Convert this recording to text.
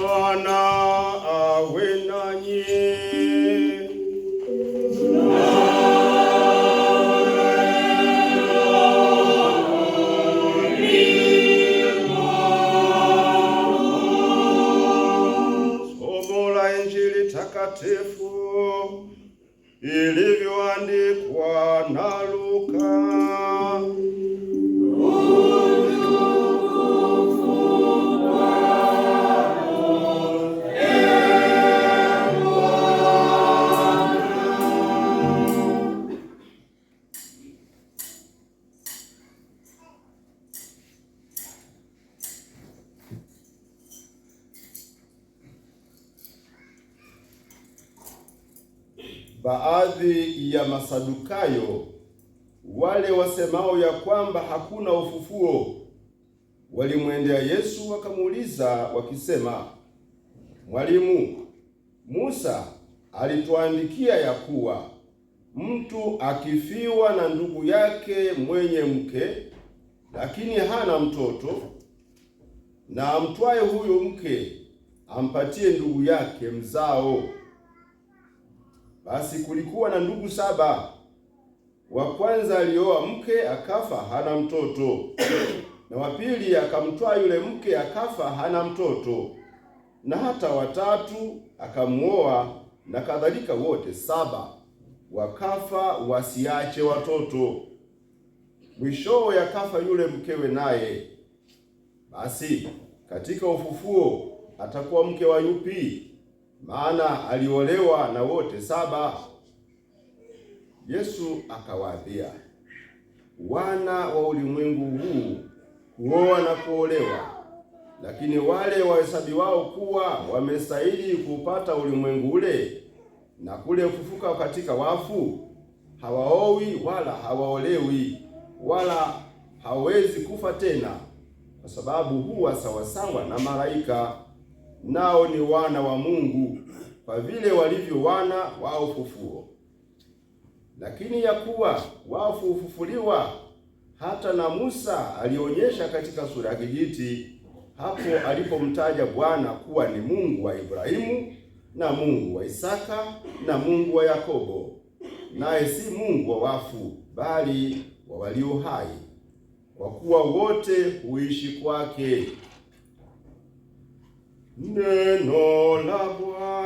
Bwana awe nanyi. Somo la Injili takatifu ilivyoandikwa na baadhi ya Masadukayo wale wasemao ya kwamba hakuna ufufuo walimwendea Yesu wakamuuliza wakisema, Mwalimu, Musa alituandikia ya kuwa mtu akifiwa na ndugu yake mwenye mke lakini hana mtoto, na amtwaye huyo mke ampatie ndugu yake mzao basi kulikuwa na ndugu saba. Wa kwanza alioa mke akafa hana mtoto, na wa pili akamtwaa yule mke akafa hana mtoto, na hata watatu akamuoa, na kadhalika. Wote saba wakafa wasiache watoto. Mwishowe akafa yule mkewe naye. Basi katika ufufuo atakuwa mke wa yupi? maana aliolewa na wote saba. Yesu akawaambia, wana wa ulimwengu huu huoa na kuolewa, lakini wale wao kuwa wamestahili kuupata ulimwengu ule na kule kufufuka katika wafu hawaowi wala hawaolewi wala hawezi kufa tena, kwa sababu huwa sawasawa na malaika nao ni wana wa Mungu kwa vile walivyo wana wa ufufuo. Lakini ya kuwa wafu ufufuliwa hata na Musa alionyesha katika sura ya kijiti, hapo alipomtaja Bwana kuwa ni Mungu wa Ibrahimu na Mungu wa Isaka na Mungu wa Yakobo, naye si Mungu wa wafu, bali wa walio hai, kwa kuwa wote huishi kwake. Ne non la voix.